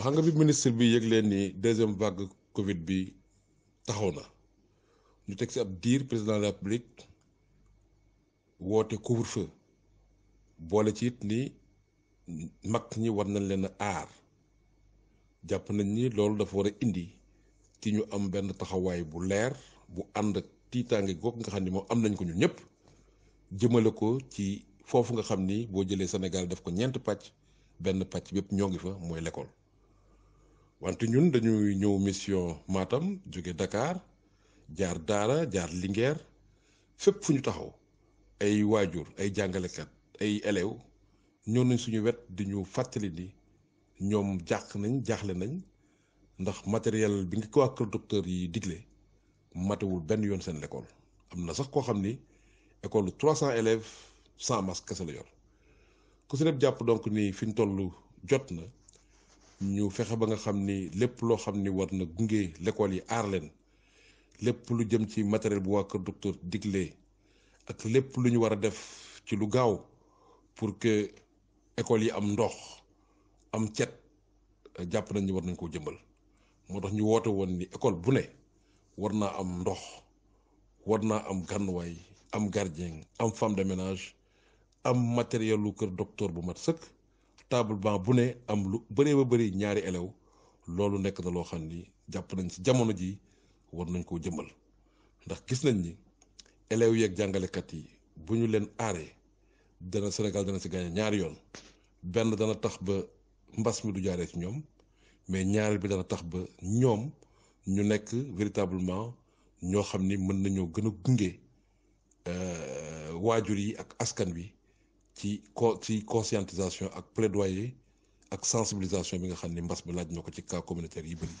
waaw xam nga bi ministre bi yëg leen ni deuxième vague Covid bi taxaw na ñu teg si ab diir président la République woote couvre boole ci it ni mag ñi war nañ leen a aar jàpp nañ ni loolu dafa war a indi ci ñu am benn taxawaay bu leer bu ànd ak tiitaange goog nga xam ni moom am nañ ko ñu ñëpp jëmale ko ci foofu nga xam ni boo jëlee Sénégal def ko ñeent pàcc benn pàcc bépp ñoo ngi fa mooy lekkool wante ñun dañuy ñëw mission Matam joge Dakar jaar Daara jaar Linguère fep fu ñu taxaw ay wajur ay kat ay elew ñoo nañ suñu wet di ñu fàttali ni ñoom jàq nañ jaxle nañ ndax matériel bi ngi ko waa docteur yi digle matewul ben yoon seen l'école am na sax koo xam ni école 300 élèves sans masque kese la yor ku si nepp jàpp donc ni fi ñu toll jot na ñu fexe ba nga xam ni lépp loo xam ni war na gunge l'école yi aarleen lépp lu jëm ci matériel bu waa kër docteur digle ak lépp lu ñu war a def ci lu gaaw pour que école yi am ndox am cet jàpp nañ ni war nañ koo jëmbal moo tax ñu woote woon ni école bu ne war naa am ndox war naa am gannuwaay am gardien am femme de ménage am matériel lu kër docteur bu mat sëkk table bu ne am lu baree ba bëri ñaari élève loolu nekk na loo xam ni jàpp nañ ci jamono ji war nañ koo jëmbal ndax gis nañ ni élèves yeeg jàngalekat yi bu ñu leen aaree dana Sénégal dana si gagné ñaari yoon benn dana tax ba mbas mi du jaaree ci ñoom mais ñaareel bi dana tax ba ñoom ñu nekk véritablement ñoo xam ni mën nañoo gën a gunge euh, waajur yi ak askan wi qui conscientisation ak plaidoyer ak sensibilisation bi nga xamni mbass mbas de laaj ci cas communautaire yi